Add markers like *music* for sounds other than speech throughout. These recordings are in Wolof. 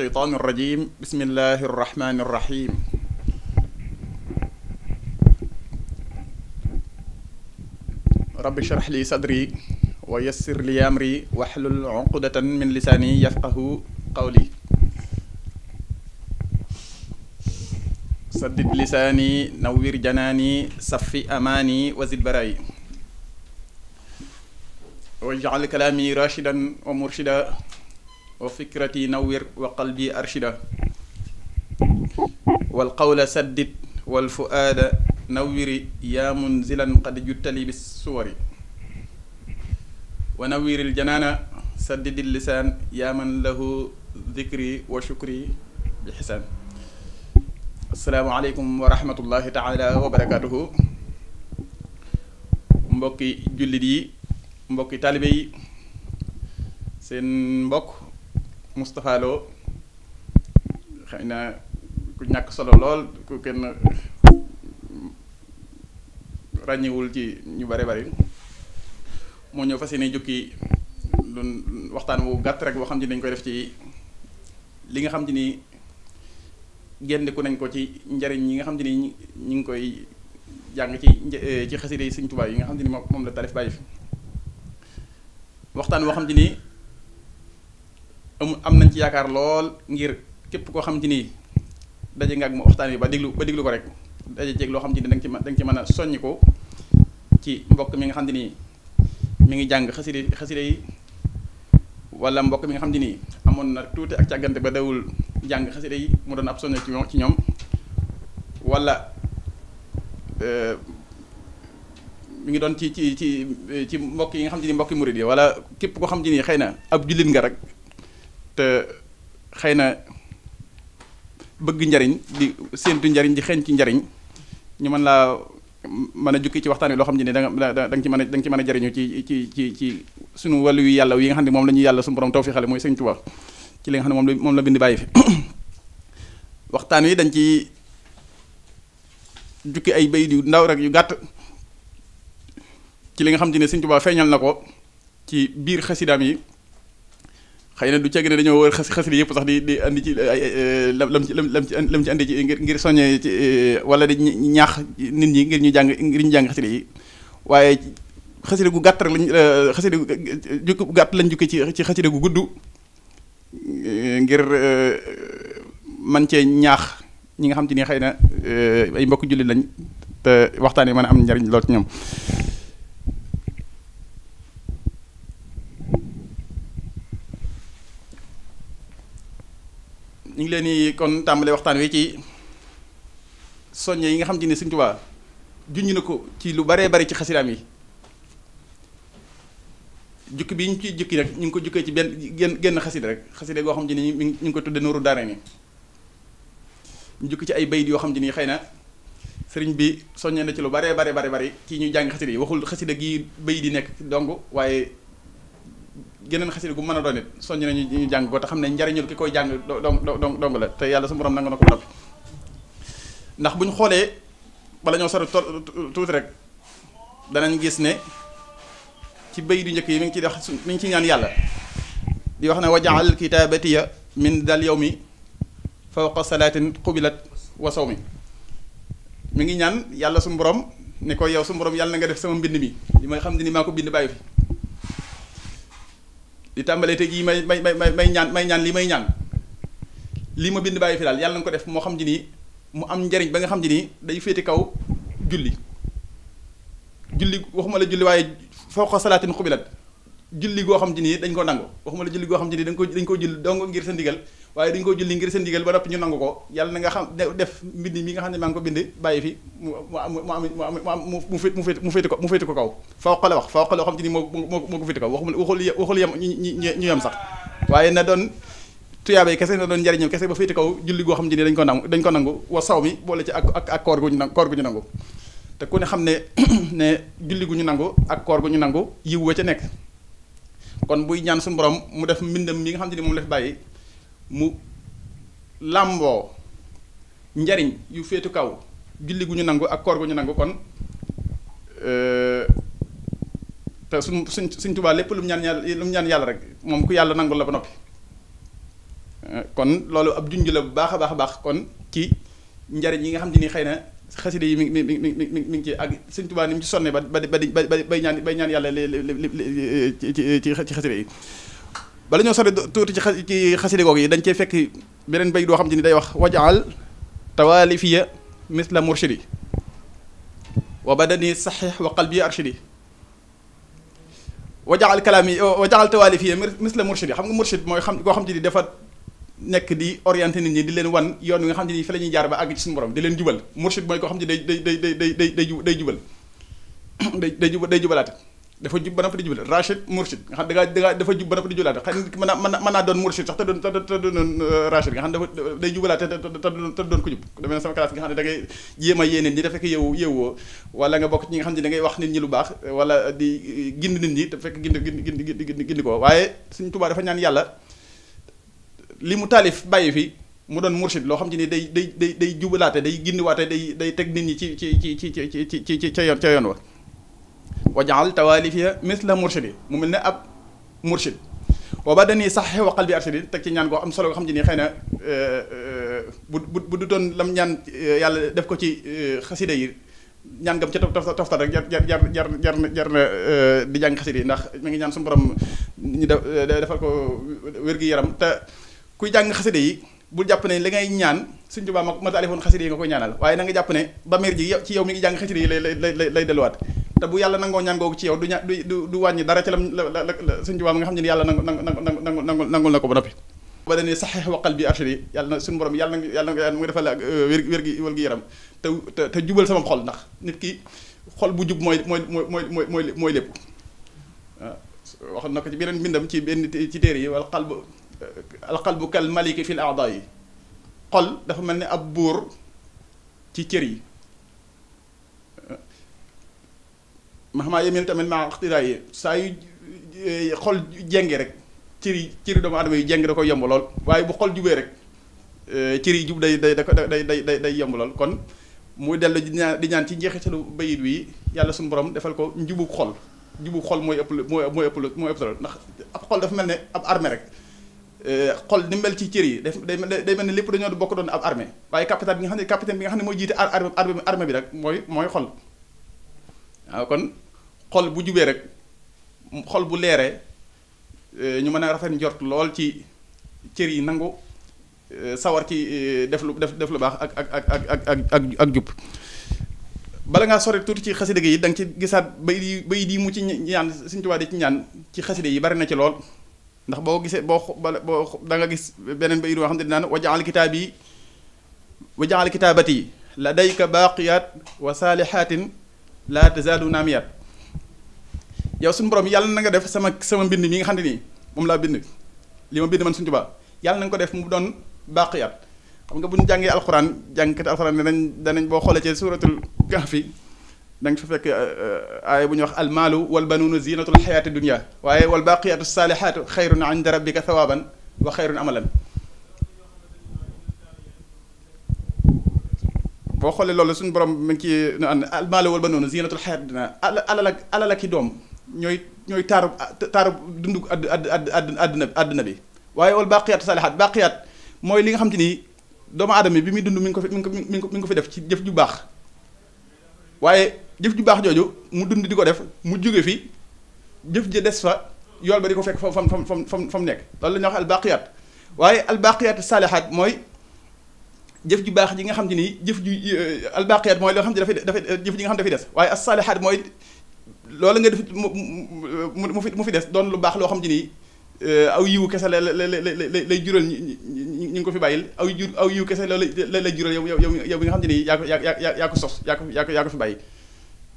الشيطان الرجيم بسم الله الرحمن الرحيم رب اشرح لي صدري ويسر لي أمري واحلل عقدة من لساني يفقه قولي سدد لساني نوّر جناني صفي أماني وزد برائي واجعل كلامي راشدا ومرشدا wa fikrati nawwir wa qalbi arshida wal qawla saddit wal fuaada nawwiri yaa munzilan qad juttali bis suwari wa nawwiril janaana saddidil lisaan yaa man lahu dikri wa shukri bi xisaan asalaamaaleykum wa rahmatullahi taala wa barakaatuhu mbokki jullit yi mbokki taalibe yi seen mbokk Moustapha Lo xëy na ku ñàkk solo lool ku kenn ràññewul ci ñu bare bari bari moo ñëw fas yéene jukki lu waxtaan wu gàtt rek woo xam ne dañ koy def ci li nga xam ne ni génneku nañ ko ci njariñ yi nga xam ne ni ñu ngi koy jàng ci eh, ci xasida yi Sëñ yi nga xam ne ni moom la tarif bàyyi fi waxtaan woo xam ne ni amul am nañ ci yaakaar lool ngir képp koo xam ci nii daje nga ak waxtaan bi ba déglu ba déglu ko rek daje ceeg loo xam ci ni danga ci man danga ci mën a soññ ko ci mbokk mi nga xam te mi ngi jàng xaside xaside wala mbokk mi nga xam te nii amoon na tuuti ak càggante ba dawul jàng xaside yi mu doon ab soññ ci ñoom wala euh, mi ngi doon ci ci ci ci mbokk yi nga xam te ni mbokki murid yi wala képp koo xam te nii xëy na ab jullit nga rek te na bëgg njariñ di séentu njariñ di xeeñ ci njariñ ñu man laa man a jukki ci waxtaan wi loo xam ne da nga da nga ci mën a a jariñu ci ci ci ci sunu wàllu yu yàlla yi nga xam ne moom la ñuy yàlla sunu borom tawfiixale mooy Sëñ Tuubaa ci li nga xam ne moom la moom la bàyyi fi *coughs* waxtaan wi dañ ci jukki ay bay yu ndaw rek yu gàtt ci li nga xam ne Sëñ Tuubaa feeñal na ko ci biir xasidaam yi xëy na du cegg ne dañoo wër xas xasida yëpp sax di di andi ci ay lam ci lam ci lam ci andi ci ngir ngir soññee ci e, wala di ñaax nit ñi ngir ñu jàng ngir ñu jàng xasida yi waaye xasida gu gàtt rek lañ e, xasida gu gàtt lañ jukki ci ci xasida gu gudd e, ngir man cee ñaax ñi nga xam ci ni xëy na ay mbokk jullit lañ te waxtaan yi mën a am njariñ lool ci ñoom ñu leen di kon tàmbale waxtaan wi ci soññe yi nga xam te ne Sëriñ juñ junj na ko ci lu baree bari ci xasidaam yi jukki bi ñu ci jukki rek ñu ngi ko jukkee ci benn genn génn xasida rek xasida goo xam te ni ñu ngi ko tudde Nuuru Daarayni ñu jukki ci ay bayit yoo xam te ni xëy na sëriñ bi soññe na ci lu baree bare bare bari ci ñu jàng xasida yi waxul xasida gi bayit yi nekk dong waaye geneen xasida gu mën a doon it soññ nañu ñu jàng ko te xam ne njariñul ki koy jàng dong dong dong la te yàlla su borom nanga na ko noppi ndax bu ñu xoolee bala ñoo sori tuuti rek danañ gis ne ci béy du njëkk yi mi ngi ciy wax mi ngi ciy ñaan yàlla di wax ne wajaal kitaabatiya min dal yow mi fawqa salaatin qubilat wa sawmi mi ngi ñaan yàlla su borom ne ko yow su borom yàlla na nga def sama mbind mi li may xam ne ni maa ko bind bàyyi fi di tàmbalee te jii may may may may ñaan may ñaan lii may ñaan lii ma bind bàyyi fi daal yàlla na ko def moo xam ji nii mu am njariñ ba nga xam ji nii day féete kaw julli julli waxuma la julli waaye foo ko salaatin xubilat julli goo xam te ni dañ ko nangu waxuma la julli goo xam te ni dañ ko dañ ko julli dong ngir sa ndigal waaye dañ ko julli ngir nangu ko yàlla na nga xam def mbind mi nga ne maa ngi ko bind bàyyi fi mu mu mu am mu mu mu mu féete ko mu féete ko kaw fawqa la wax fawqa loo xam te ni moo moo moo ko féete kaw waxuma waxul waxul yem na doon tuyaabee kese na doon njariñam kese ba féete kaw julli goo xam te ni dañ ko nangu dañ ko nangu wa saw mi boole ci ak ak koor gu ñu nangu koor gu ñu nangu te ku ne xam ne *clears throat* ne julli gu ñu nangu ak koor gu ñu nangu yiw wa ca nekk kon buy ñaan su mboroom mu def mbindam mi nga xam te ni moom la fi bàyyi mu làmboo njariñ yu féetu kaw julli gu ñu nangu ak koor gu ñu nangu kon euh, te suñ suñ suñ tubaa lépp lu mu ñaan yàlla rek moom ku yàlla nangul la ba noppi euh, kon loolu ab junj la bu baax a baax a baax kon ci njariñ yi nga xam ni xëy na xasida yi mi ngi mi ngi mi ngi mi ngi ci ak sëñ Tuubaa ni mu ci sonne ba ba di ba bay ñaan bay ñaan yàlla li ci ci ci xasida yi bala ñoo sore tuuti ci ci xasida googu yi dañ cee fekk beneen bay doo xam te ni day wax wajaal tawaalifiya misla murshidi wa badani saxiix wa qalbi arshidi wajaal kalaami wajaal tawaalifiya misla murshidi xam nga murshid mooy xam koo xam te ni defa nekk di orienté nit ñi di leen wan yoon wi nga xam ne nii fa la jaar ba àgg ci suñu borom di leen jubal mursid mooy koo xam ne day day day day jubalaate te doon te demee sama classe nga xam ne da ngay a yee nit ñi dafa fekk nga bokk ci ñi nga wax nit ñi lu baax wala di euh, gindi nit ñi te gindi gindi ko waaye suñ tubaa dafa ñaan yàlla li mu taalif bàyyi fi mu doon mursid loo xam ci ni day day day day jubalaate day gindiwaate day day teg nit ñi ci ci ci ci ci ci ci ci ca yoon ca yoon wa wajaal tawaalifiya misla murshidi mu mel ne ab murshid wa badani saxe waqal bi teg ci ñaan goo am solo nga xam ci ni xëy na euh, euh, bu bu bu du doon lam ñaan euh, yàlla def ko ci xasida yi ñaan gam ca toftal toftal rek jar jar jar jar jar na di jàng xasida yi ndax mi ngi ñaan suñu borom ñu def defal ko wér-gi-yaram kuy jàng xaside yi bul jàpp ne li ngay ñaan suñ tubaa ma ma taalifoon xaside yi nga koy ñaanal waaye na jàpp ne bàmmeel ji ci yow mi ngi jàng xaside yi lay lay lay delluwaat te bu yàlla nangoo ñaan googu ci yow du ña du du wàññi dara ci la suñ tubaa mi nga xam ne yàlla nangu nangu nangu nangu nangul na ko ba noppi ba dane saxeex waqal bi arshid yi yàlla na suñu borom yàlla na yàlla na mu ngi defal euh, wér wér gi wér gi yaram te te jubal sama xol ndax nit ki xol bu jub mooy mooy mooy mooy mooy mooy lépp waaw na ko ci beneen bindam ci benn ci téere yi wala xal alqalbu kal maliki fil a'daa yi xol dafa mel ni ab buur ci cër yi maxamaa yemin tamit maa ixtiraa yi saa yu eh, xol jenge rek cër yi cër yi doomu aadama yi jeng da ko yomb lool waaye bu xol jubee rek eh, cër yi jub day day day day day yomb lool kon muy dellu di ñaan di ñaan ci njeexitalu bayit wi yàlla suñu borom defal ko njubug xol njubug xol mooy ëpp mooy mooy ëpp mooy ëpp lool ndax ab xol dafa mel ne ab armée rek Euh, xol ni mel ci cër yi day day mel ne lépp dañoo bokk doon ab armée waaye capitaine bi nga xam ne capitaine bi nga xam ne mooy jiite armée armée bi rek mooy mooy xol waaw kon xol bu jubee rek xol bu leere euh, ñu mën a rafet njort lool ci cër yi nangu euh, sawar ci def lu def def lu baax ak ak ak ak ak ak ak jub bala ngaa sori tuuti ci xaside gi da nga ci gisaat bay di bay di mu ci ñaan Sëriñ Tuubaa ci ñaan ci xaside yi bari na ci lool. ndax boo gisee boo boo da nga gis beneen bayit boo xam ne dinaan wajaal kitaab yi wajaal kitaabati ladayka baaqiyaat wa saalihaatin laa tazaalu naamiyaat yow suñu borom yàlla na nga def sama sama mbind mi nga xam ne nii moom laa bind li ma bind man suñu tubaab yàlla na nga ko def mu doon baaqiyaat xam nga bu ñu jàngee alxuraan jàngkati alxuraan danañ danañ boo xoolee ci suuratul kahfi da nga fa fekk euh, euh, aaya bu ñuy wax almaalu wal banuuna zinatul xayaati dunia waaye wal baaqiyaatu saalihaatu xayrun inda rabbika thawaaban wa xayrun amalan boo xoolee loolu suñu borom mi ngi ciy nu ànd almaalu wal banuuna zinatul xayaati dunia alal ak alal ak ñooy ñooy taaru taaru dundu add add àdduna bi waaye wal baaqiyaatu saalihaat baaqiyaat mooy li nga xam te ni doomu aadama bi muy dund mi ngi ko fi mi ngi ko mi ngi ko fi def ci jëf ju baax waaye. jëf ju baax jooju mu dund di ko def mu jóge fi jëf ji des fa yool ba di ko fekk fa fam fam fam fam fa mu nekk loolu la ñuy wax albaqiyat waaye albaqiyat saalihaat mooy jëf ju baax ji nga xam te ni jëf ju euh, albaqiyat mooy loo xam te dafay dafay euh, jëf ji xam dafay des waaye as saalihaat mooy loolu nga def mu mu mu fi des doon lu baax loo xam te ni euh, aw yiwu kese la la la la lay jural ñi ñu ñi ko fi bàyyil aw jur aw yiwu kese la la jural yow yow yow mi nga xam te ni yaa ko yaa sos yaa ko yaa ko fi bàyyi.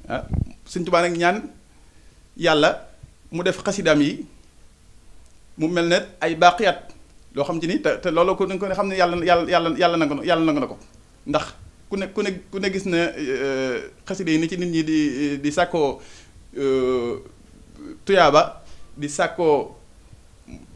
ah Sëñ ñaan yàlla mu def xasidaam yi mu mel ne ay baaqiyaat loo xam ci ni te te loolu ko dañ ko xam ne yàlla yàlla yàlla yàlla na yàlla nangu na ko ndax ku ne ku ne ku ne gis na eh, xasida yi ni ci nit ñi di di sàkkoo eh, tuyaaba di sàkkoo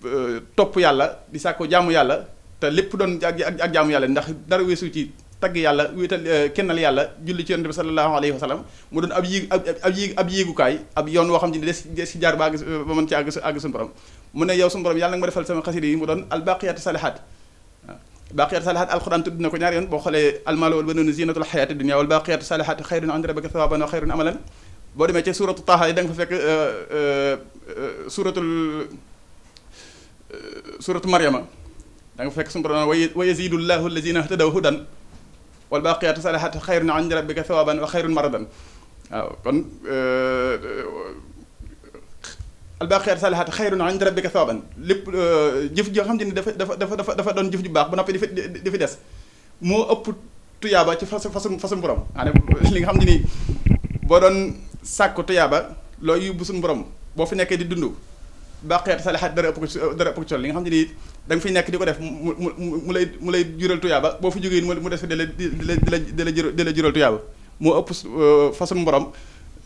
eh, topp yàlla di sàkkoo jaamu yàlla te lépp doon ak ak jaamu yàlla ndax dara weesu ci tagg yàlla wéetal eh, kennal yàlla julli ci yonent bi sallallahu alayhi wa sallam mu doon ab yéegukaay ab yoon woo xam ne des des ci jaar ba àgg ba mën ci àgg àgg suñu borom mu yow suñu borom yàlla defal sama xasida yi mu doon al baqiyatu salihat baqiyatu salihat alquran tudd na ko ñaari yoon boo xoolee al maalu wal banuuna zinatul xayaati dunya wal baqiyatu salihat xayrun inda rabbika thawaban wa xayrun amalan boo demee ci suratu taaha yi da nga fa fekk suratul suratu da wa yazidu llahu allazina htadaw wal baaqiyaatu saalihaatu xayrun inda rabbika sawaaban wa xayrun maradan waaw kon al baaqiyaatu saalihaatu xayrun inda rabbika sawaaban lépp jëf joo xam ne dafa dafa dafa dafa doon jëf ju baax ba noppi di fi di fi des moo ëpp tuyaaba ci façon façon façon borom maanaam li nga xam ne nii boo doon sàkku tuyaaba loo yóbbu suñu borom boo fi nekkee di dund. baqeet salixaat dara ëpp ko ci dara ëpp ko ci tool li nga xam nii da fi nekk di ko def mu mu mu lay mu lay jural tuyaaba boo fi jógee mu des fi dala dala dala dala dala jural tuyaaba moo ëpp euh, façon borom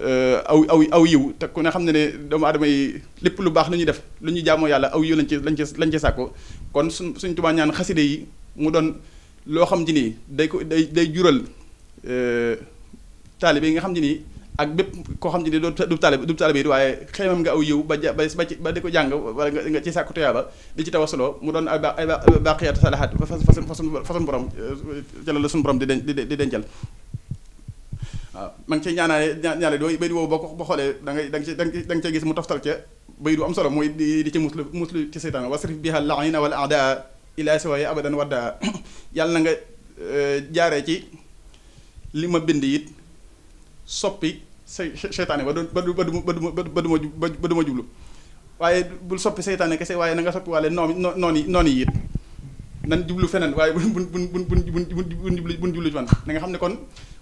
euh, aw aw aw yiw te ku ne xam ne ne doomu aadama yi lépp lu baax lu ñuy def lu ñuy jaamoo yàlla aw yiw lañ ci lañ ci lañ ci sàkko kon suñ suñ tubaa ñaan xaside yi mu doon loo xam ci nii day ko day day jural euh, taalibe yi nga xam ci nii ak bépp koo xam ne ni du taalibe du taalibe waaye xeemam nga aw yiw ba ja ba ba di ko jàng wala nga ci sàkku tuyaaba di ci tawasuloo mu doon ay ba ay baaqiyaat salahaat doo bay di woowu boo xoolee da ngay da nga ci da nga cee gis mu toftal ca *coughs* yàlla na nga euh, jaaree ci li ma bind it soppi say seytaane ba du ba du ba du ba du ba du ma jublu waaye bul soppi seytaane kese waaye na nga soppi waale noon noon yi noon yi it nan jublu feneen waaye bu bu bu bu bu bu jublu ci man na nga xam ne kon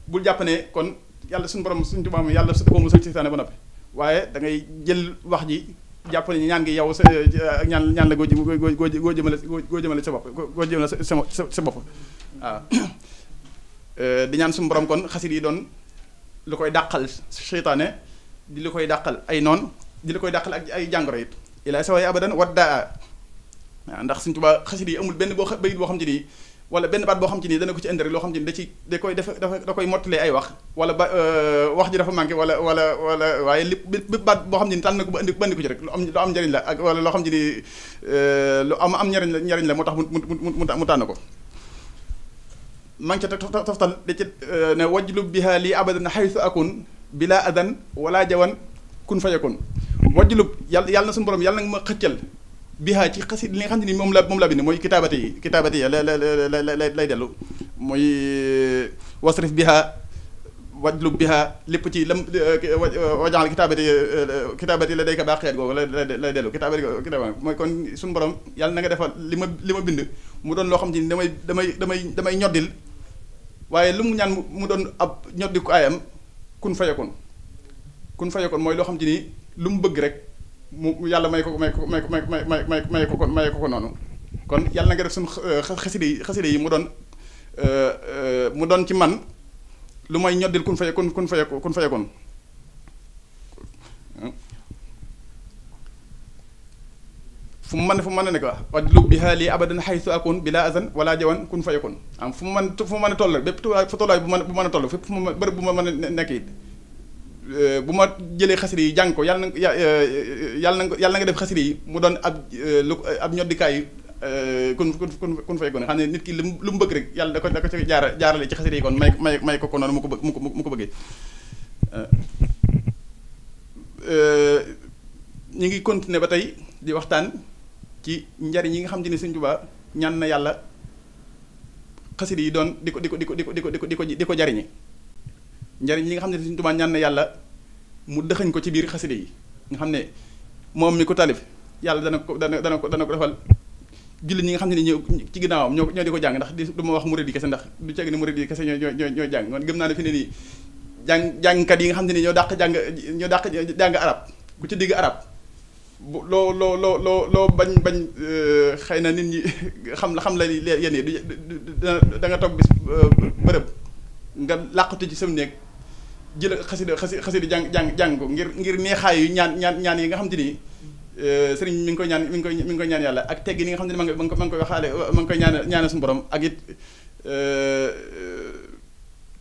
bul jàpp kon yàlla suñ borom suñu tubaab yàlla su ko musal seytaane ba noppi waaye da ngay jël wax ji jàpp ne ñaan gi yow sa ñaan ñaan la goo goo goo goo jëmale goo jëmale sa bopp goo jëmale sa sa sa bopp waaw *coughs* eh, di ñaan suñu borom kon xasit yi doon. lu koy dàqal seytaane di lu koy dàqal ay noon di lu koy dàqal ak ay jàngoro it ilaa sawaay abadan waddaa waaw ndax Sëriñ Tuubaa xasida yi amul benn boo bayit boo xam ci nii wala benn baat boo xam ci nii dana ko ci indi rek xam ci ni da ci da koy def da koy mottalee ay wala ba euh, wax ji dafa manqué wala wala wala waaye lépp bépp baat boo xam ci ni tànn na ko ba indi ba indi ko ci rek lu am njariñ la ak wala loo xam ci ni euh, lu am am la njariñ la moo tax mu mu mu tànn ko ma ngi ca toftal da ca euh, ne wajlu biha lii abadan xaytu akun bila adan wala jawan kun fayakun wajlub yàlla yàlla na suñu borom yàlla na ma xëccal biha ci xasi li nga ne ni moom la moom la bind mooy kitaabati yi kitaabati yi la la la lay dellu mooy euh, wasrif biha wajlub biha lépp ci lam euh, wajaxal kitaabati kitaabati la day ka baax xeet googu lay dellu kitaabati mooy kon suñu borom yàlla na nga defal li ma li ma bind mu doon loo xam ne ni damay damay damay damay ñoddil waaye lu mu ñaan mu doon ab ñoddi ko ayam kun fayakoon kun fayakoon mooy loo xam te ni lu mu bëgg rek mu yàlla may ko may ko may ko may may may ko may ko noonu kon yàlla na nga def suñu xaside yi xaside yi mu doon euh, euh, mu doon ci man lu may ñoddil kun fayakoon kun fayakoon kun fayakoon fu mu mën fu mu mën a nekk wajlub biha li abadan haythu akun bila azan wala jawan kun fa yakun am fu mu mën fu mu mën a toll rek bépp tollaay bu mën bu a toll fépp fu mu bërëb bu ma euh, bu ma jëlee xasida yi jàng ko na yàlla na yàlla na nga def xasida yi mu doon ab euh, lu ab ñoddikaay euh, kun kun kun kun fa yakun xam ne nit ki lu lu mu bëgg rek yàlla da ko da ko ci jaarale ci xasida yi kon may may ko ko noonu mu ko ko mu ko bëggee ñu ngi continuer ba tey di waxtaan ci njariñ yi nga xam te ne Sëñ Tuubaa ñaan na yàlla xasida yi doon di ko di ko di ko di ko di ko di ko di ko jariñe njariñ yi nga xam ne Sëñ Tuubaa ñaan na yàlla mu dëxañ ko ci biir xasida yi nga xam ne moom mi ko taalif yàlla dana ko dana dana ko dana ko defal jullit ñi nga xam ne ñoo ci ginnaawam ñoo ñoo di ko jàng ndax du ma wax murid yi kese ndax du ceeg ne murid yi kese ñoo ñoo ñoo jàng man gëm naa ne fi ne nii jàng jàngkat yi nga xam ne ñoo dàq jàng ñoo dàq jàng arab ku ci digg arab bu loo loo loo loo loo bañ bañ euh, xay na nit ñi *laughs* xam la xam la ni yéen yi da danga toog bis euh, bërëb nga làqatu ci sam néeg jël xasida xasi xasida jàng jàng jàng ko ngir ngir neexaay yu ñaan ñaan ñaan yi nga xam te ni euh, sëriñ mi ngi koy ñaan mi ngi koy mi ngi koy ñaan yàlla ak teggi nga xam te ni ma ngi ma ngi koy waxaale ma ngi koy ñaan ñaane suñu ak it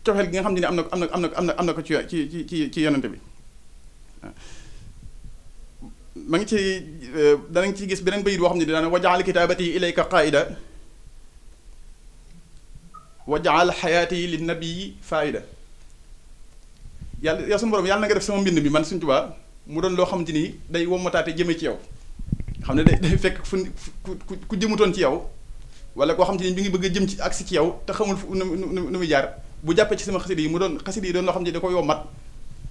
cofeel gi nga xam te ni am na am na am na am na am na ko ci ci ci ci yonante bi ma ngi ci euh, danañ ci gis beneen bayit boo xam ne dina ne wajaal kitaabati ilayka qaida wajaal xayaati li nabii faida yàlla yaa sunu borom yàlla na nga def sama mbind mi man suñ tubaa mu doon loo xam te ni day wommataate jëme ci yow xam ne day day fekk fu ku ku jëmutoon ci yow wala koo xam ni bi ngi bëgg a ci agsi ci xamul fu nu nu muy jaar bu jàppee ci sama xasida yi mu doon xasida yi doon loo xam ne da ko yommat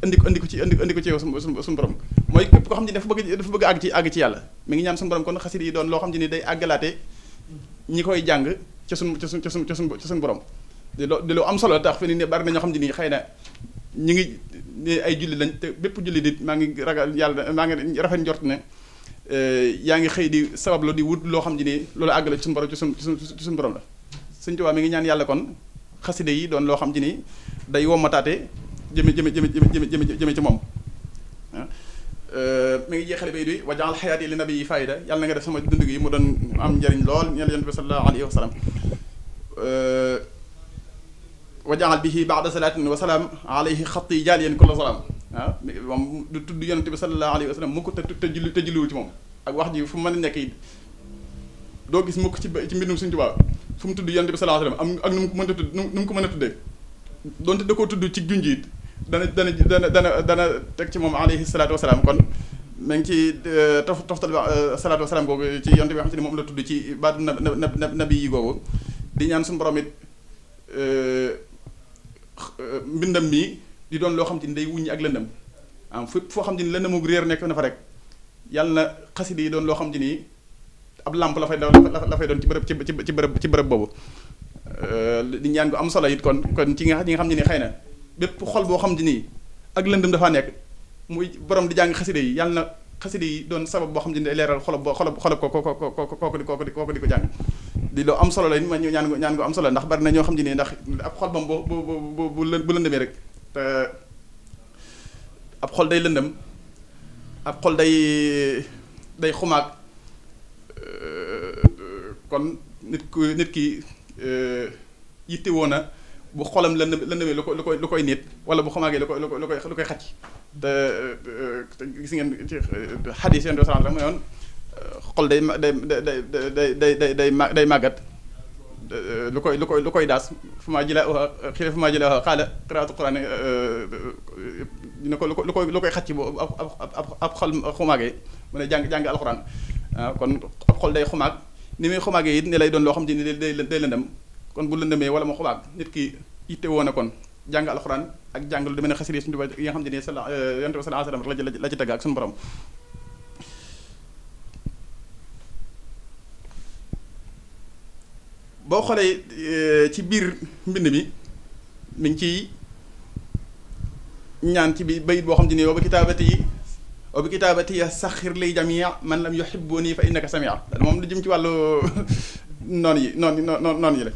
indi ko indi ko ci indi ko ci yow suñu borom mooy képp koo xam ne dafa bëgg dafa bëgg àgg ci àgg ci yàlla mi ngi ñaan suñu borom kon xasida yi doon loo xam ne ñi koy jàng ca suñ ca suñ ca suñ ca suñ borom di loo am solo tax fi ni xam ne nii xëy na ñu ngi ay julli lañ bépp julli maa ngi ragal yàlla maa ngi rafet njort ne eh, yaa ngi xëy di sabab di wut loo xam ne nii loolu àggale ci suñu borom ci suñu ci la Sëñ mi ngi ñaan yàlla kon xasida yi doon loo xam ne nii day wommataate jëme jëme jëme jëme jëme jëme ci moom Euh, mi ngi jeexale bay duy wajaxal xayaat yi li nabi yi fayda yàlla na nga def sama dund gi mu doon am njëriñ lool ñeel yonent bi sallallahu alayhi wa sallam euh, wajaxal bihi baada salaatin wa salaam alayhi xat yi jaal yéen kulla salaam ah moom du tudd yonent bi sallallahu alayhi wa sallam mu ko te te julli te julliwu ci moom ak wax ji fu mën a doo gis mukk ci ci mbindum Sëriñ Tuubaa fu mu tudd yonent bi sallallahu alayhi wa ak nu mu ko mën a tudd nu mu ko mën a tuddee donte da koo tudd ci junj dana dana dana dana dana teg ci moom alayhi salaatu wasalaam kon ma ngi ci euh, tof toftal euh, salaatu wasalaam googu ci yonte bi nga xam ne moom la tudd ci baatu na na nabi yi googu di ñaan suñu borom it euh, mbindam mii di doon loo xam te ni day wuññi ak lëndëm am fépp foo xam te ni lëndëmug réer nekk na fa rek yàlla na xasida yi doon loo xam te ni ab làmp la fay la fay doon ci bërëb ci bërëb ci bërëb boobu di ñaan gu am solo it kon kon ci nga xam ne xay na bépp xol boo xam te nii ak lëndëm dafaa nekk muy borom di jàng xaside yi yàlla na xaside yi doon sabab boo xam te ni day leeral xolob boo xolob xolob ko ko ko ko kooku di kooku di kooku di ko jàng di loo am solo la ma ñu ñaan ñaan ko am solo ndax bari na ñoo xam te nii ndax ab xol bam bu bu bu bu lëndëmee rek te ab xol day lëndëm ab xol day day xumaag euh, kon nit ku nit ki euh, yittewoo na bu xolam la lëndëmee lu ko lu koy lu koy nit wala bu xamaagee lu koy lu ko lu koy xacc te gis ngeen ci euh, xadis yéen doo rek mu yoon xol day day day day day day day day màggat euh, lu koy lu koy lu koy daas fu maa jëlee wax fu maa jëlee wax xaala xiraatu quraan ne euh, ko lu ko lu koy lu koy xacc bu ab ab ab xol xumaagee mu ne jàng jàng alxuraan ah, kon ab xol day xumaag ni muy xumaagee it ne lay doon loo xam te ni day day lëndëm kon bu lëndëmee wala mu xubaab nit ki itte woon na kon jàng alxuraan ak jàng lu demee ne xasida suñu tubaab yi xam ne nii sala euh, yonent bi salaa salaam rek la ci ak suñu borom. boo xoolee euh, ci biir mbind mi mi ci ñaan ci bi bayit boo xam te ni boobu kitaabati yi wa bi kitaabati ya saxir li jamia man lam yuhibbuni fa innaka samia moom lu jëm ci wàllu *laughs* noonu yi noon noonu yi la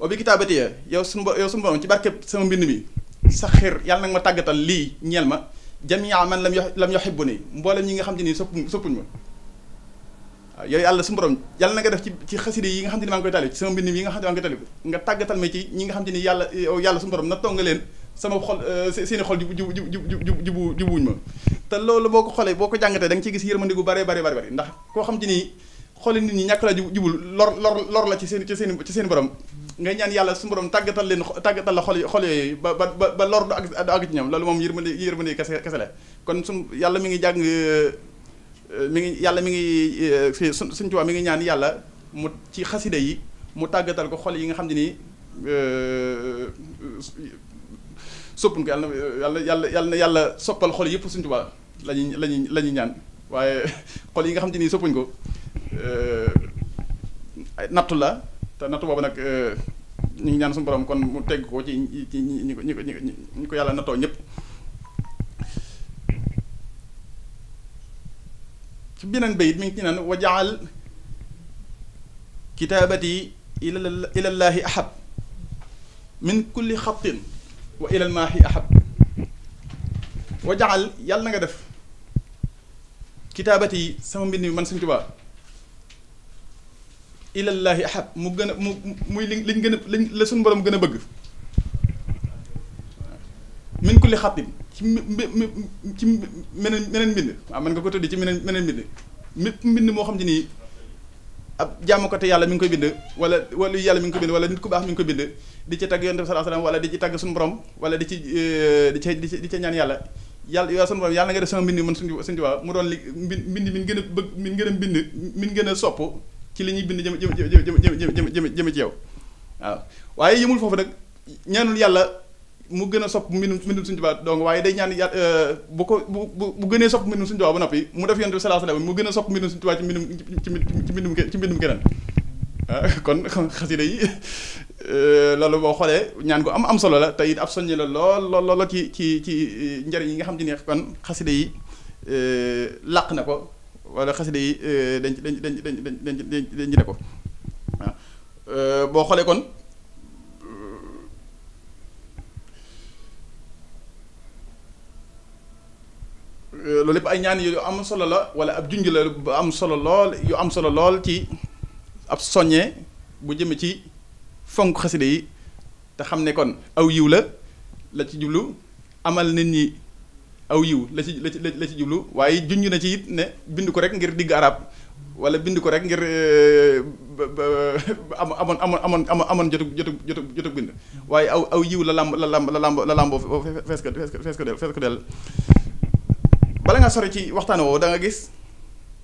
wa bi kitaabati ya yow suñu yow sumbo borom ci barkeb sama mbind xir yàlla nag ma tàggatal lii ñeel ma jamia man lam yo lam yoxibbu nii mboolem ñi nga xam te nii soppu soppuñ ma waaw yow yàlla suñu borom na nga def ci ci xaside yi nga xam te ni maa ngi koy taalif ci sama mbind mi yi nga xam te ni maa ngi koy taalif nga tàggatal ma ci ñi nga xam te ni yàlla yow yàlla suñu borom nattoo nga leen sama xol euh, seeni xol ju ju jubuñ ma te loolu boo ko xoolee boo ko jàngatee da nga ciy gis yërmande gu bare bare bare bare ndax koo xam te ni xooli nit ñi ñàkk la jubul lor lor lor la ci seen ci seen ci seen borom nga ñaan yàlla su borom tàggatal leen tàggatal la xol xol yooyu ba ba ba lor du ak du àgg ci ñoom loolu moom yërmande yërmande kese kese la kon sum yàlla mi ngi jàng euh, euh, mi ngi yàlla mi ngi euh, su suñ tubaab mi ngi ñaan yàlla mu ci xasida yi mu tàggatal ko xol yi nga xam ne nii soppun ko yàlla yàlla yàlla yàlla soppal xol yëpp suñ tubaab lañuy lañuy la ñuy ñaan waaye *laughs* xol yi nga xam ne nii soppuñ ko nattu la te nattu boobu nag euh, ñu ngi ñaan suñu kon mu teg ko ci ci ñi ko ñi ko ñi ko yàlla nattoo ñëpp. ci beneen bayit mi ngi ci naan wa jaal kitaabati ila ilallaahi ahab min kulli xatin wa ilal maahi ahab wa yàlla na nga def kitaabati sama mbind mi man Sëñ Tuubaa ilallaahi ahad mu gën a mu muy li liñ gën a liñ la suñu borom gën a bëgg min kulli xatin ci ci meneen meneen mbind waaw mën nga ko tuddi ci meneen meneen mbind mépp mbind moo xam te nii ab jàmmkate yàlla mi ngi koy bind wala wala yàlla mi ngi koy ku baax mi ngi koy di ci tagg yonent wala di ci tagg suñu borom wala eh, di ci di ci di ci ñaan yàlla yàlla yow yàlla na nga def sama mbind man suñu suñu tubaab gën a bëgg min gën a mbind min gën a sopp ci li ñuy bind jëm jëm jëm jëm jëm ci yow waaw waaye yëmul foofu nag ñaanul yàlla mu gën a sopp mbindum mbindum suñu Tuubaa donc waaye day ñaan yàlla euh, bu ko bu bu gënee sopp mbindum suñu Tuubaa ba noppi mu def yonent bi sallallahu alayhi wasallam mu gën a sopp mbindum suñu Tuubaa ci mbindum ci mbindum ci mbindum keneen ah, *laughs* kon xasida yi *laughs* euh, loolu boo xoolee ñaan gu am am solo la te it ab soññi la lool lool lool ci ci ci euh, njëriñ yi nga xam te ne kon xasida yi làq na ko wala xasida yi dañ ci dañ ci dañ ci dañ dañ dañ dañ ci ne ko waaw euh, boo xoolee kon euh, loolu lépp ay ñaan yu am solo la wala ab junj la bu am solo lool yu am solo lool ci ab soññee bu jëmee ci fonk xasida yi te xam ne kon aw yiw la la ci jublu amal nit ñi. aw yiw la ci la ci la ci jublu waaye junj na ci it ne bind ko rek ngir digg arab wala bind ko rek ngir euh, am amoon amoon amoon amoon jotu jotu jotu jotu bind waaye aw aw yiw la lamb la lamb la lamb la lamboo fees ko fees ko del fees ko del bala nga sore ci waxtaan woowu da nga gis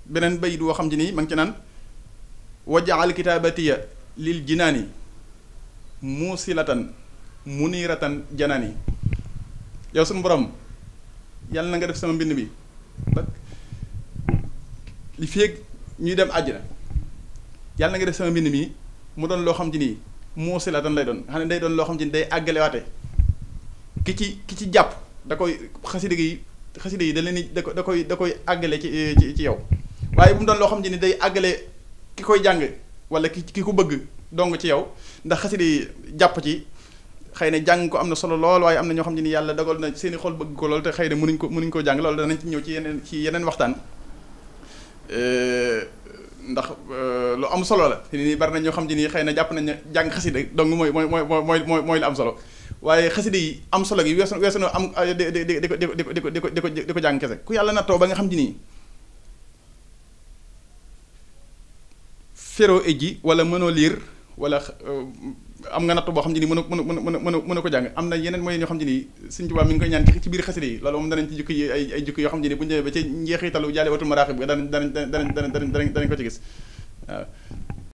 beneen bayit woo xam ci nii ma ngi ci naan wajaal kitaabatiya lil jinaani muusilatan muniratan janaani yow suñu borom yàlla na nga def sama mbind mi ba li feeg ñuy dem àjjana yàlla na nga def sama mbind mi mu doon loo xam ci nii muusi la dan lay doon xam ne day doon loo xam ci ni day àggalewaate ki ci ki ci jàpp da koy xasida yi xasida yi da leen da koy da koy àggale ci ci yow waaye mu doon loo xam ci ni day àggale ki koy jàng wala ki ki ko bëgg dong ci yow ndax xasida yi jàpp ci xëy na jàng ko am na solo lool waaye am na ñoo xam ne ni yàlla dogal na seen i xol bëgg ko lool te xëy na ko mënuñ koo jàng loolu danañ ci ñëw ci e, am solo la bari na ñoo xam ne nii xëy na jàpp nañ ne jàng xasida dong mooy mooy mooy mooy mooy mooy la am solo waaye xasida yi am solo gi weesu weesu na am di di di di ko di ko di ko di ko jàng kese ku yàlla nattoo ba nga xam ne nii féro eji wala mënoo liir wala. E, am nga natt boo xam nii mën a mën a mën a mën a ko jàng am na yeneen moyen yoo xam nii Sëriñ Tuubaa mi ngi koy ñaan ci biir xasida yi loolu moom danañ ci jukki ay ay jukki yoo xam ne nii bu ñu demee ba ci njeexitalu jaale watul maraaxib danañ danañ danañ danañ ko ci gis